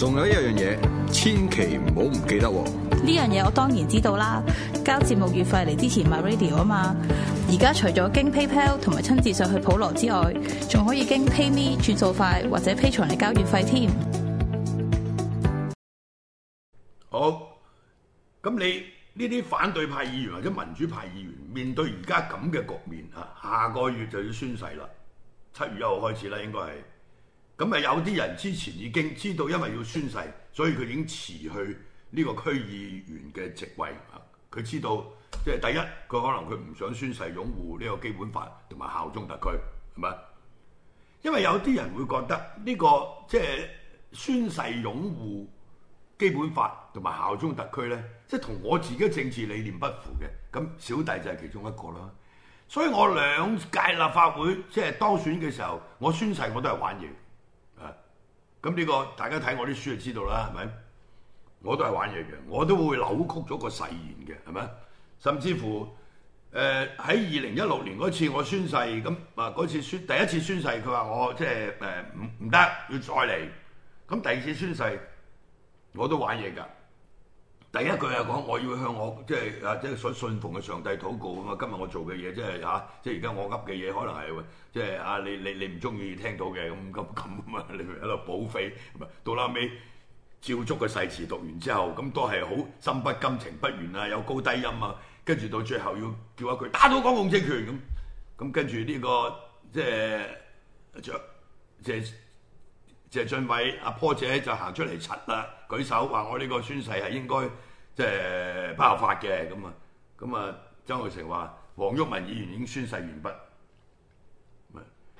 仲有一樣嘢，千祈唔好唔記得喎！呢樣嘢我當然知道啦，交節目月費嚟支持 MyRadio 啊嘛！而家除咗經 PayPal 同埋親自上去普羅之外，仲可以經 PayMe 轉數快或者 Patreon 嚟交月費添。好，咁你呢啲反對派議員或者民主派議員面對而家咁嘅局面啊，下個月就要宣誓啦，七月一號開始啦，應該係。咁咪有啲人之前已經知道，因為要宣誓，所以佢已經辭去呢個區議員嘅職位。佢知道，即係第一，佢可能佢唔想宣誓擁護呢個基本法同埋效忠特區，係咪？因為有啲人會覺得呢、這個即係、就是、宣誓擁護基本法同埋效忠特區咧，即係同我自己政治理念不符嘅。咁小弟就係其中一個啦。所以我兩屆立法會即係、就是、當選嘅時候，我宣誓我都係玩嘢。咁呢個大家睇我啲書就知道啦，係咪？我都係玩嘢嘅，我都會扭曲咗個誓言嘅，係咪？甚至乎誒喺二零一六年嗰次我宣誓咁，啊嗰次宣第一次宣誓，佢話我即係誒唔唔得，要再嚟。咁第二次宣誓我都玩嘢㗎。第一句係講我要向我即係、即係即係即係、啊，即係所信奉嘅上帝禱告啊嘛。今日我做嘅嘢即係嚇，即係而家我噏嘅嘢可能係即係啊，你你你唔中意聽到嘅咁，噉噉啊嘛，你喺度補費，到拉尾照足個誓詞讀完之後，咁都係好心不甘情不願啊，有高低音啊，跟住到最後要叫一句打倒港共政權咁，咁跟住呢個即係著即。即即謝俊偉、阿坡姐就行出嚟，柒啦，舉手話：我呢個宣誓係應該即係、呃、不合法嘅。咁啊，咁啊，曾鈺成話：黃毓民議員已經宣誓完畢。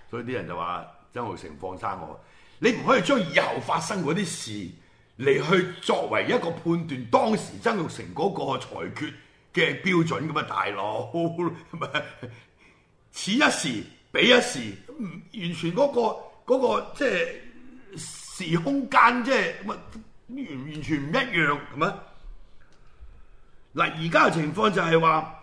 所以啲人就話：曾鈺成，放生我，你唔可以將以後發生嗰啲事嚟去作為一個判斷當時曾鈺成嗰個裁決嘅標準咁啊，大佬，唔 此一時彼一時，完全嗰、嗰個、嗰個、即係。時空間即係乜完完全唔一樣，咁樣？嗱，而家嘅情況就係話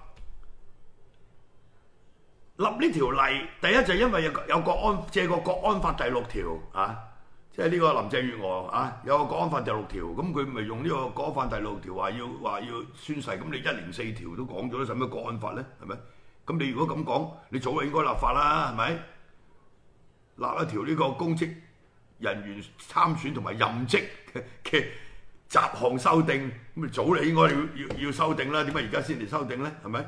立呢條例，第一就係因為有有國安借個國安法第六條啊，即係呢個林鄭月娥啊，有個國安法第六條，咁佢咪用呢個國安法第六條話要話要宣誓？咁你一連四條都講咗，使乜國安法咧？係咪？咁你如果咁講，你早就應該立法啦，係咪？立一條呢個公職。人員參選同埋任職嘅嘅雜項修訂，咁啊早你應該要要，要修訂啦，點解而家先嚟修訂咧？係咪？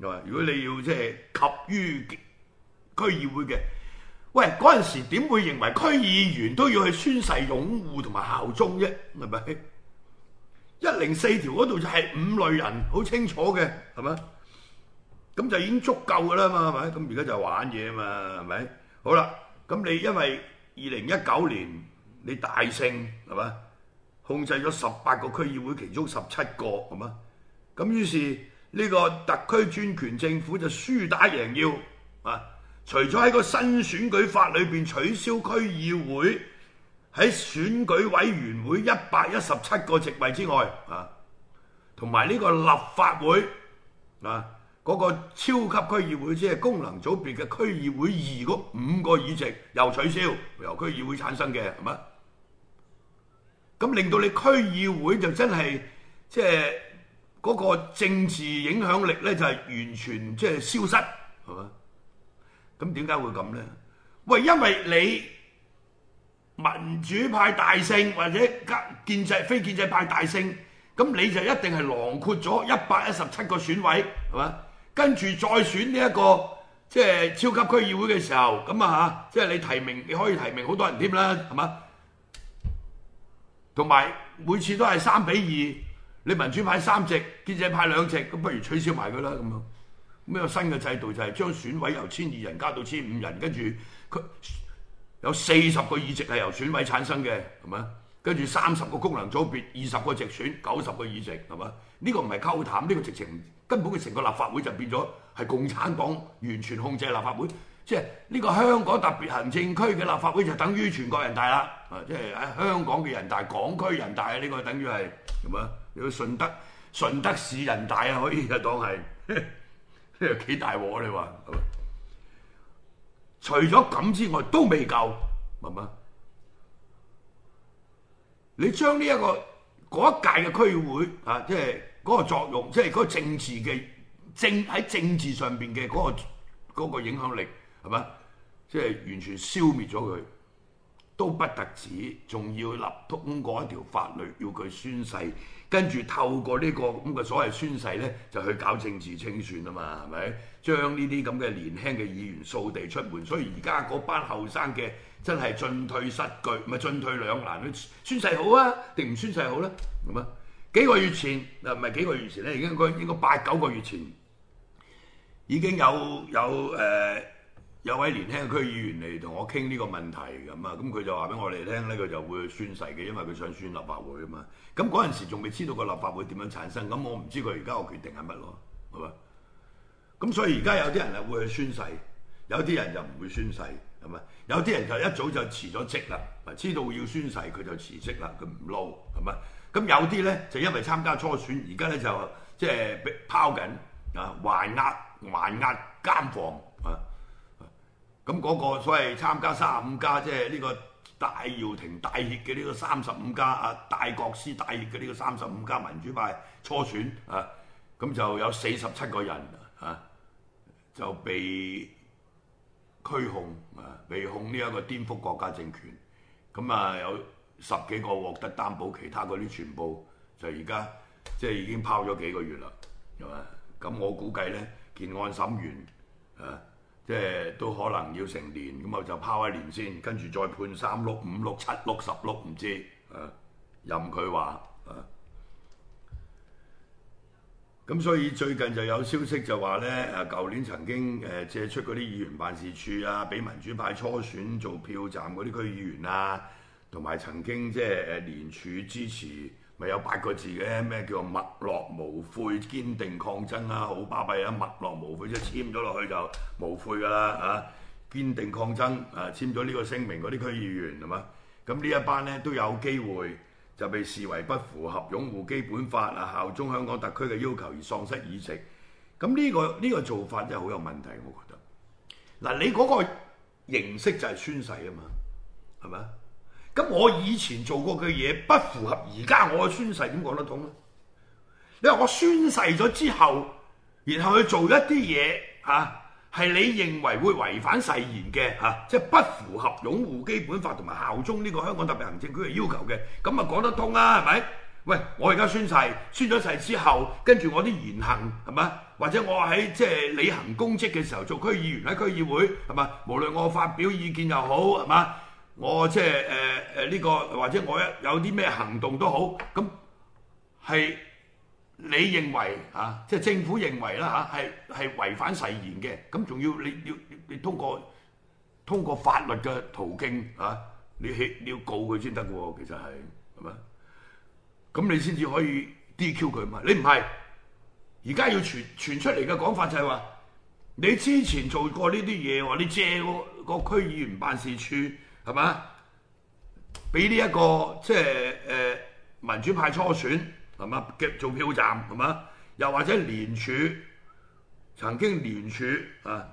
嗱，如果你要即係、就是、及於區議會嘅，喂，嗰陣時點會認為區議員都要去宣誓擁護同埋效忠啫？係咪？一零四條嗰度就係五類人，好清楚嘅，係咪？咁就已經足夠噶啦嘛，係咪？咁而家就係玩嘢嘛，係咪？好啦，咁你因為。二零一九年，你大勝係嘛？控制咗十八個區議會，其中十七個係嘛？咁於是呢個特區專權政府就輸打贏要啊！除咗喺個新選舉法裏邊取消區議會喺選舉委員會一百一十七個席位之外啊，同埋呢個立法會啊。嗰個超級區議會即係，就是，功能組別嘅區議會二嗰五個議席又取消，由區議會產生嘅係咪？咁令到你區議會就真係即係嗰個政治影響力咧，就係完全即係消失係嘛？咁點解會咁咧？喂，因為你民主派大勝或者建制非建制派大勝，咁你就一定係囊括咗一百一十七個選委。係嘛？跟住再選呢、這、一個即係超級區議會嘅時候，咁啊嚇，即係你提名你可以提名好多人添啦，係嘛？同埋每次都係三比二，你民主派三席，建制派兩席，咁不如取消埋佢啦咁樣。咁有新嘅制度就係將選委由千二人加到千五人，跟住佢有四十個議席係由選委產生嘅，係嘛？跟住三十個功能組別，二十個直選，九十個議席，係嘛？呢個唔係溝淡，呢、呢個直情根本佢成個立法會就變咗係共產黨完全控制立法會，即係呢個香港特別行政區嘅立法會就等於全國人大啦。啊，即係喺香港嘅人大、港區人大呢、呢個等於係點啊？有、呢個、順德順德市人大啊，可以就當係幾大鑊你話？除咗咁之外，都未夠，明唔明？你將呢一個嗰一屆嘅區會啊，即係。嗰個作用，即係嗰個政治嘅政喺政治上邊嘅嗰個影響力係咪？即係完全消滅咗佢，都不特止，仲要立通過一條法律，要佢宣誓，跟住透過呢個咁嘅所謂宣誓咧，就去搞政治清算啊嘛，係咪？將呢啲咁嘅年輕嘅議員掃地出門，所以而家嗰班後生嘅真係進退失據，唔係進退兩難。宣誓好啊，定唔宣誓好咧啊？係咪？幾個月前嗱，唔係幾個月前咧，應該應該八九個月前已經有有誒、呃、有位年輕嘅區議員嚟同我傾呢個問題咁啊，咁佢就話俾我哋聽咧，佢就會宣誓嘅，因為佢想宣立法會啊嘛。咁嗰陣時仲未知道個立法會點樣產生，咁我唔知佢而家個決定係乜咯，係嘛？咁所以而家有啲人啊會去宣誓，有啲人就唔會宣誓，係咪？有啲人就一早就辭咗職啦，知道要宣誓佢就辭職啦，佢唔撈係咪？咁有啲咧就因為參加初選，而家咧就即係被拋緊啊，還押還押監房啊！咁、那、嗰個所謂參加三十五家，即係呢個戴耀廷大俠嘅呢個三十五家啊，大國師大俠嘅呢個三十五家民主派初選啊，咁就有四十七個人啊就被拘控啊，被控呢一個顛覆國家政權，咁啊有。十幾個獲得擔保，其他嗰啲全部就而家即係已經拋咗幾個月啦，係嘛？咁我估計呢，件案審完啊，即係都可能要成年，咁我就拋一年先，跟住再判三六五六七六十六唔知啊，任佢話啊。咁所以最近就有消息就話呢，誒舊年曾經誒借出嗰啲議員辦事處啊，俾民主派初選做票站嗰啲區議員啊。同埋曾經即係聯署支持，咪有八個字嘅咩，叫墨落無悔，堅定抗爭啦，好巴閉啊！墨落無悔即係簽咗落去就無悔㗎啦，嚇，堅定抗爭啊！簽咗呢個聲明，嗰啲區議員係嘛，咁呢一班咧，都有機會就被視為不符合擁護基本法啊、效忠香港特區嘅要求而喪失議席。咁呢個呢個做法真係好有問題，我覺得，嗱，那你嗰個形式就係宣誓啊嘛，係咪啊？咁我以前做過嘅嘢不符合而家我嘅，我宣誓，點講得通咧？你話我宣誓咗之後，然後去做一啲嘢吓，係、啊、你認為會違反誓言嘅吓，即、啊、係、就是、不符合擁護基本法同埋效忠呢個香港特別行政區嘅要求嘅，咁啊講得通啊，係咪？喂，我而家宣誓，宣咗誓之後，跟住我啲言行係嘛，或者我喺即係履行公職嘅時候做區議員喺區議會係嘛，無論我發表意見又好係嘛。我即係誒誒呢個，或者我一有啲咩行動都好，咁係你認為嚇，即、啊、係、係、政府認為啦嚇，係係違反誓言嘅，咁仲要你要你，你通過通過法律嘅途徑嚇、啊，你去你要告佢先得嘅喎，其實係係咪？咁你先至可以 DQ 佢嘛？你唔係，而家要傳傳出嚟嘅講法就係、係、話，你之前做過呢啲嘢喎，你借個個區議員辦事處。係嘛？俾呢一個即係誒民主派初選，係嘛？做票站，係嘛？又或者聯署曾經聯署啊，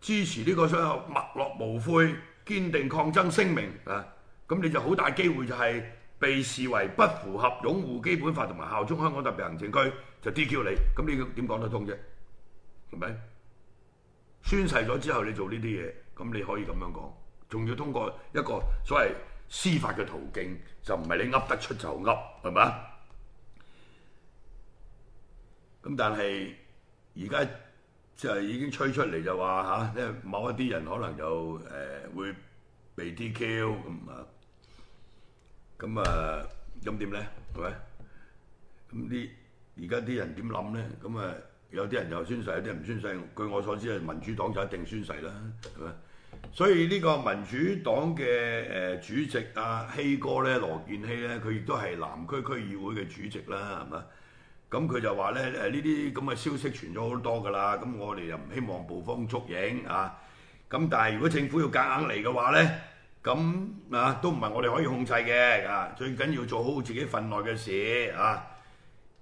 支持呢個最後墨落無悔、堅定抗爭聲明啊，咁你就好大機會就係被視為不符合擁護基本法同埋效忠香港特別行政區，就 DQ 你，咁你點講得通啫？係咪宣誓咗之後，你做呢啲嘢，咁你可以咁樣講。仲要通過一個所謂司法嘅途徑，就唔係你噏得出就噏，係咪？咁但係而家即係已經吹出嚟就話嚇，即、啊、係某一啲人可能就誒、呃、會被 DQ 咁啊，咁啊咁點咧？係咪？咁啲而家啲人點諗咧？咁啊，有啲人又宣誓，有啲人唔宣誓。據我所知啊，民主黨就一定宣誓啦，係咪？所以呢個民主黨嘅誒主席阿希哥咧，羅健熙咧，佢亦都係南區區議會嘅主席啦，係嘛？咁佢就話咧誒，呢啲咁嘅消息傳咗好多㗎喇，咁我哋又唔希望捕風捉影啊！咁但係如果政府要夾硬嚟嘅話咧，咁啊都唔係我哋可以控制嘅啊！最緊要做好自己份內嘅事啊！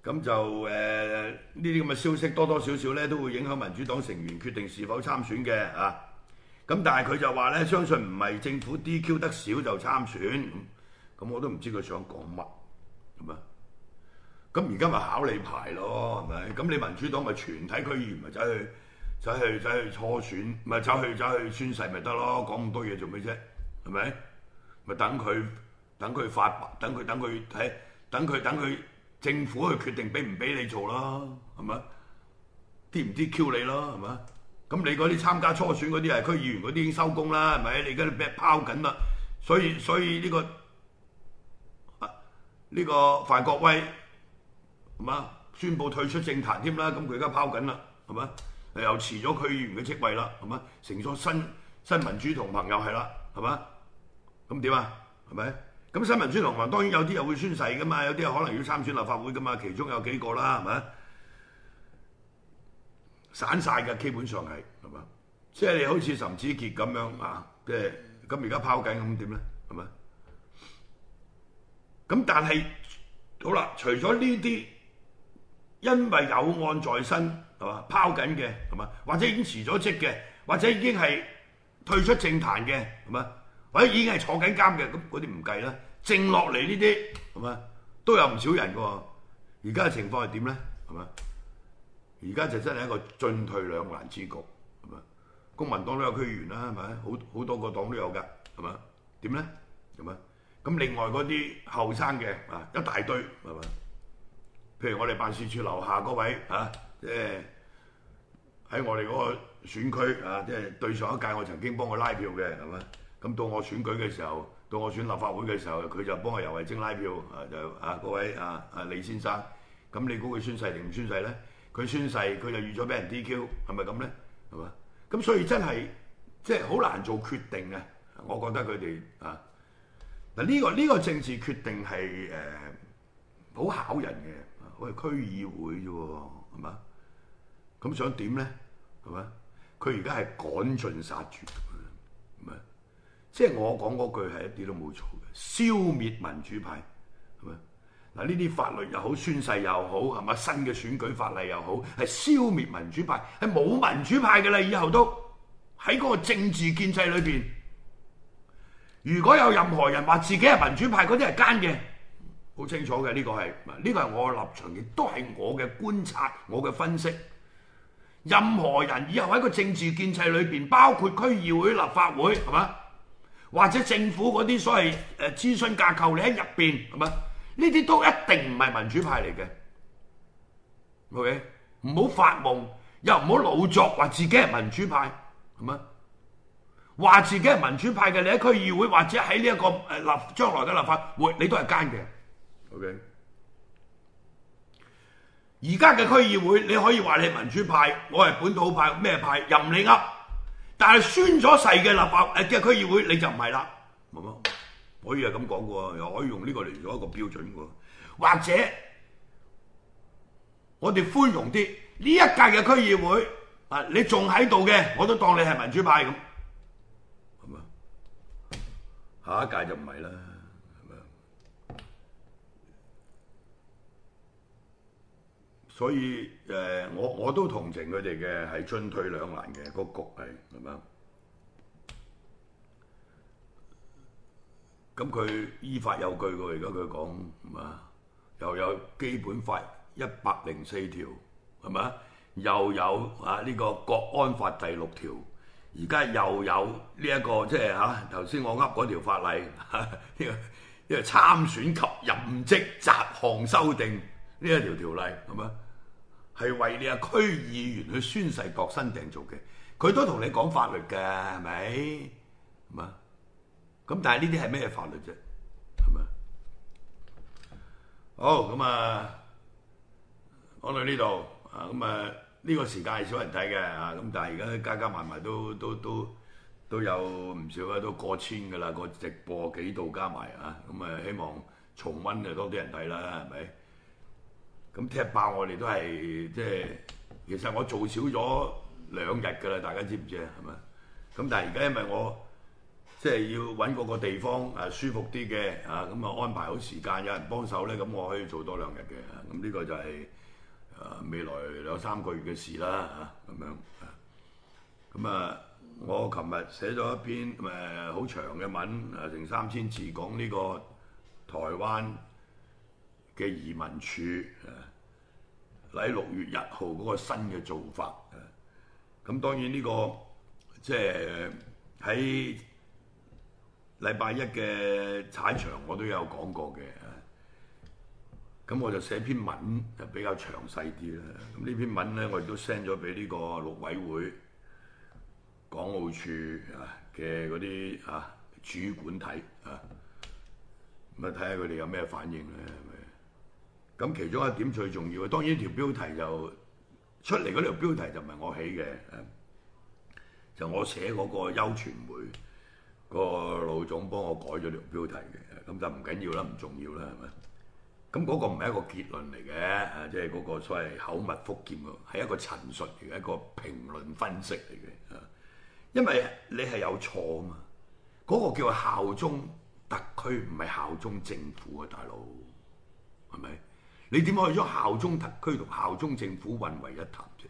咁就誒呢啲咁嘅消息多多少少咧，都會影響民主黨成員決定是否參選嘅啊！咁但係佢就話咧，相信唔係政府 DQ 得少就參選，咁、嗯、我都唔知佢想講乜，係咪？咁而家咪考你牌咯，係咪？咁你民主黨咪全體區議員咪走去走去走去初選，咪走去走去，去宣誓咪得咯，講咁多嘢做咩啫？係咪？咪等佢等佢發，等佢等佢喺，等佢等佢政府去決定俾唔俾你做咯，係咪？啲唔啲 Q 你咯，係咪？咁你嗰啲參加初選嗰啲係區議員嗰啲已經收工啦，係咪？你而家都俾人拋緊啦，所以所以呢個呢個啊呢個范國威係嘛，宣布退出政壇添啦，咁佢而家拋緊啦，係嘛？又辭咗區議員嘅職位啦，係嘛？成咗新新民主同盟又係啦，係嘛？咁點啊？係咪？咁新民主同盟友當然有啲又會宣誓噶嘛，有啲可能要參選立法會噶嘛，其中有幾個啦，係咪？散晒嘅，基本上係，係嘛？即係、就是、你好似岑子傑咁樣啊，即係咁而家拋緊，咁點咧？係嘛？咁但係好啦，除咗呢啲因為有案在身，係嘛，拋緊嘅，係嘛，或者已經辭咗職嘅，或者已經係退出政壇嘅，係嘛，或者已經係坐緊監嘅，咁嗰啲唔計啦。剩落嚟呢啲，係嘛，都有唔少人㗎喎。而家嘅情況係點咧？係嘛？而家就真係一個進退兩難之局，係咪？公民黨都有區議員啦，係咪？好好多個黨都有㗎，係咪？點咧？係咪？咁另外嗰啲後生嘅啊，一大堆係咪？譬如我哋辦事處樓下嗰位啊，即係喺我哋嗰個選區啊，即係對上一屆我曾經幫佢拉票嘅，係咪？咁到我選舉嘅時候，到我選立法會嘅時候，佢就幫我游蕙禎拉票啊！就啊，各位啊啊，啊李先生，咁你估佢宣誓定唔宣誓咧？佢宣誓，佢就預咗俾人 DQ，係咪咁咧？係嘛？咁所以真係即係好難做決定嘅。我覺得佢哋啊，嗱，呢個呢個政治決定係誒好考人嘅。我係區議會啫喎，係嘛？咁想點咧？係嘛？佢而家係趕盡殺絕，係咪？即係我講嗰句係一啲都冇錯嘅，消滅民主派。嗱，呢啲法律又好，宣誓又好，係嘛？新嘅選舉法例又好，係消滅民主派，係冇民主派嘅啦。以後都喺嗰個政治建制裏邊，如果有任何人話自己係民主派，嗰啲係奸嘅，好清楚嘅。呢個係，呢個係我嘅立場，亦都係我嘅觀察，我嘅分析。任何人以後喺個政治建制裏邊，包括區議會、立法會，係嘛？或者政府嗰啲所謂誒諮詢架構，你喺入邊係嘛？呢啲都一定唔係民主派嚟嘅。OK？唔好發夢，又唔好老作，話自己係民主派，係咪？話自己係民主派嘅，你喺區議會或者喺呢一個誒立將來嘅立法會、哎，你都係奸嘅。OK？而家嘅區議會，你可以話你係民主派，我係本土派，咩派任你噏。但係宣咗誓嘅立法嘅區議會，你就唔係啦。冇？可以係咁講嘅喎，又可以用呢個嚟做一個標準喎。或者我哋寬容啲，呢一屆嘅區議會啊，你仲喺度嘅，我都當你係民主派咁。係嘛，下一屆就唔係啦。係嘛，所以誒，我我都同情佢哋嘅係進退兩難嘅，嗰個局係咁樣。咁佢依法有據喎，而家佢講係又有基本法一百零四條，係嘛？又有啊呢個國安法第六條。而家又有呢、這、一個，即係嚇頭先我噏嗰條法例，呢、這個呢、這個參選及任職雜項修訂呢一條條例係嘛？係為你啊區議員去宣誓各新定做嘅，佢都同你講法律嘅係咪？係嘛？咁但係呢啲係咩法律啫？係咪？好。咁啊，講到呢度啊，咁啊呢個時間係少人睇嘅啊，咁但係而家加加埋埋都都都都有唔少啊，都過千㗎啦，個直播幾度加埋啊，咁啊希望重温就多啲人睇啦，係咪？咁踢爆我哋都係即係，其實我做少咗兩日㗎啦，大家知唔知啊？係咪？咁但係而家因為我。即係要搵個個地方誒舒服啲嘅嚇，咁啊、嗯、安排好時間，有人幫手咧，咁、嗯、我可以做多兩日嘅，咁、啊、呢、嗯這個就係、是、誒、啊、未來兩三個月嘅事啦嚇，咁、啊、樣。咁、嗯、啊，我琴日寫咗一篇誒好、啊、長嘅文，誒、啊、成三千字，講呢、這個台灣嘅移民署誒喺六月一號嗰個新嘅做法誒。咁、啊嗯、當然呢、這個即係喺禮拜一嘅踩場我都有講過嘅，咁我就寫篇文就比較詳細啲啦。咁呢篇文咧，我亦都 send 咗俾呢個陸委會、港澳處啊嘅嗰啲啊主管睇啊，咁啊睇下佢哋有咩反應咧，係咪？咁其中一點最重要嘅，當然條標題就出嚟嗰條標題就唔係我起嘅，就我寫嗰個優傳媒。個老總幫我改咗條標題嘅，咁就唔緊要啦，唔重要啦，係咪？咁、那、嗰個唔係一個結論嚟嘅，啊，即係嗰個所謂口蜜腹劍喎，係一個陳述，一個評論分析嚟嘅，啊，因為你係有錯啊嘛，嗰、那個叫效忠特區，唔係效忠政府啊，大佬，係咪？你點可以將效忠特區同效忠政府混為一談啫？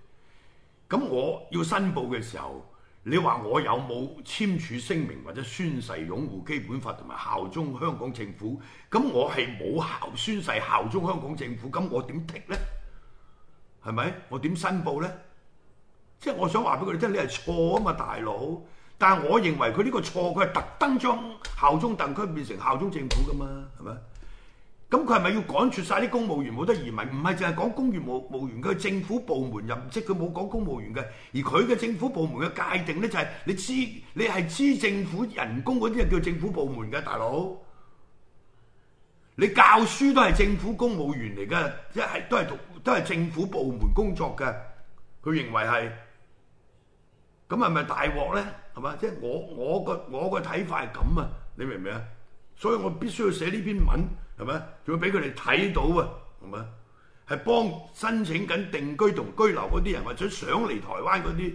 咁我要申報嘅時候。你話我有冇簽署聲明或者宣誓擁護基本法同埋效忠香港政府？咁我係冇效宣誓效忠香港政府，咁我點剔咧？係咪？我點申報咧？即係我想話俾佢哋聽，你係錯啊嘛，大佬！但係我認為佢呢個錯，佢係特登將效忠特區變成效忠政府噶嘛，係咪？咁佢係咪要趕絕晒啲公務員冇得移民？唔係淨係講公務員、務務員嘅，佢係政府部門任職佢冇講公務員嘅，而佢嘅政府部門嘅界定咧就係你知，你係知政府人工嗰啲係叫政府部門嘅大佬，你教書都係政府公務員嚟嘅，即係都係讀都係政府部門工作嘅，佢認為係，咁係咪大鑊咧？係嘛？即係我我個我個睇法係咁啊！你明唔明啊？所以我必須要寫呢篇文。係咪？仲要俾佢哋睇到啊？係咪？係幫申請緊定居同居留嗰啲人，或者上嚟台灣嗰啲，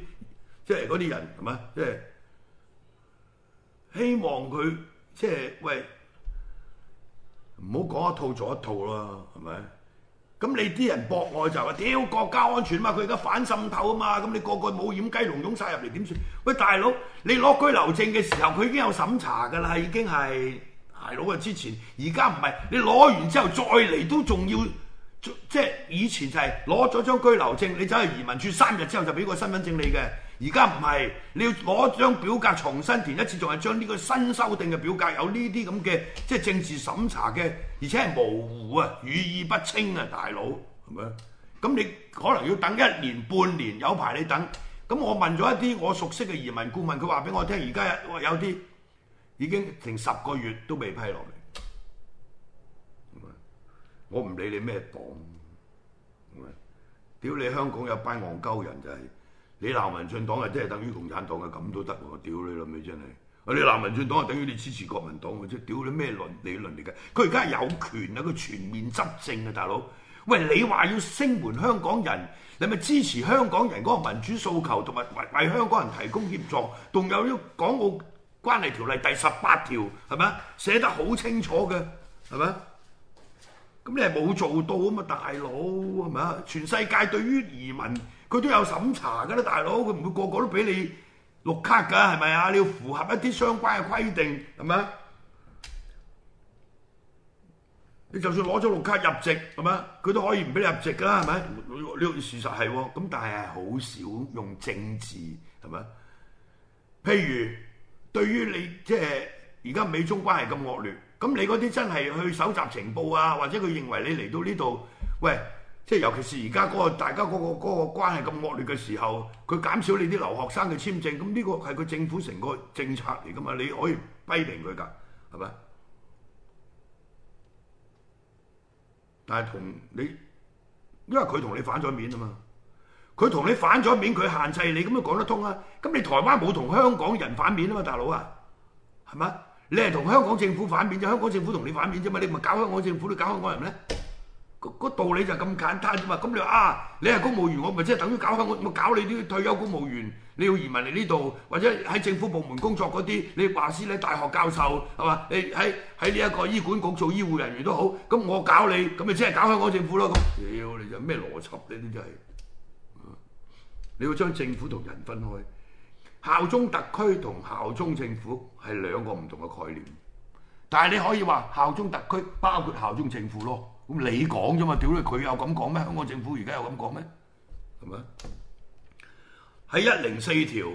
即係嗰啲人，係咪？即係希望佢，即係喂，唔好講一套做一套咯，係咪？咁你啲人博愛就話屌國家安全啊嘛，佢而家反滲透啊嘛，咁你個個冇掩雞籠，湧晒入嚟點算？喂，大佬，你攞居留證嘅時候，佢已經有審查噶啦，已經係。大佬啊！之前而家唔係你攞完之後再嚟都仲要，即係以前就係攞咗張居留證，你走去移民處三日之後就俾個身份證你嘅。而家唔係，你要攞張表格重新填一次，仲係將呢個新修訂嘅表格有呢啲咁嘅即係政治審查嘅，而且係模糊啊，語意不清啊，大佬，係咪？咁你可能要等一年半年，有排你等。咁我問咗一啲我熟悉嘅移民顧問，佢話俾我聽，而家有啲。有已經成十個月都未批落嚟，我唔理你咩黨，屌你香港有班憨鳩人就係、是、你鬧民進黨啊，即係等於共產黨啊，咁都得喎！屌你老味真係，你鬧民進黨啊，等於你支持國民黨嘅啫！屌你咩論理論嚟嘅？佢而家係有權啊，佢全面執政啊，大佬！喂，你話要聲援香港人，你咪支持香港人嗰個民主訴求，同埋為為香港人提供協助，仲有要港澳關係條例第十八條係咪啊？寫得好清楚嘅係咪啊？咁你係冇做到啊嘛，大佬係咪啊？全世界對於移民佢都有審查㗎喇，大佬，佢唔會個個都俾你綠卡㗎係咪啊？你要符合一啲相關嘅規定係咪啊？你就算攞咗綠卡入籍係咪？佢都可以唔俾你入籍㗎係咪？呢個事實係喎，咁但係係好少用政治係咪？譬如。對於你即係而家美中關係咁惡劣，咁你嗰啲真係去搜集情報啊，或者佢認為你嚟到呢度，喂，即係尤其是而家嗰個大家嗰個、嗰個關係咁惡劣嘅時候，佢減少你啲留學生嘅簽證，咁呢個係佢政府成個政策嚟㗎嘛，你可以批評佢㗎，係咪？但係同你，因為佢同你反咗面吖嘛。佢同你反咗面，佢限制你，咁都講得通啊！咁你台灣冇同香港人反面啊嘛，大佬啊，係咪？你係同香港政府反面，就香港政府同你反面啫嘛！你唔係搞香港政府，你搞香港人咩？嗰道理就咁簡單啫嘛！咁你話啊，你係公務員，我咪即係等於搞香港，咪搞你啲退休公務員，你要移民嚟呢度，或者喺政府部門工作嗰啲，你話師你大學教授係嘛？你喺喺呢一個醫管局做醫護人員都好，咁我搞你，咁咪即係搞香港政府咯咁。妖、哎，你有咩邏輯呢？啲真係～你要將政府同人分開，效忠特區同效忠政府係兩個唔同嘅概念。但係你可以話效忠特區包括效忠政府咯。咁你講啫嘛？屌你，佢有咁講咩？香港政府而家有咁講咩？係咪吧？喺一零四條，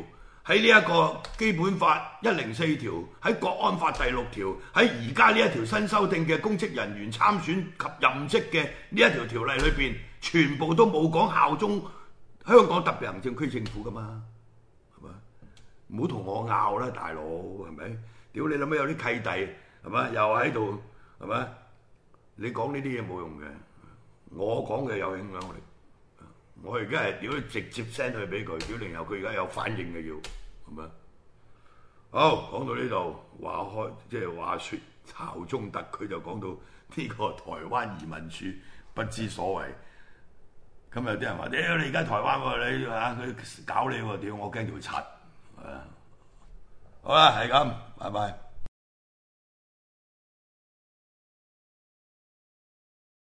喺呢一個基本法一零四條，喺國安法第六條，喺而家呢一條新修訂嘅公職人員參選及任職嘅呢一條條例裏邊，全部都冇講效忠。香港特別行政區政府噶嘛，係咪？唔好同我拗啦，大佬，係咪？屌你諗咩？有啲契弟係咪？又喺度係咪？你講呢啲嘢冇用嘅，我講嘅有影響力，我而家係屌直接 send 去俾佢，屌然由佢而家有反應嘅要係咪？好，講到呢度話開，即係話説曹中特佢就講到呢個台灣移民處不知所謂。咁有啲人話屌、欸、你而家台灣喎，你、啊、搞你喎，屌我驚佢會拆，係啊，好啦，係咁，拜拜。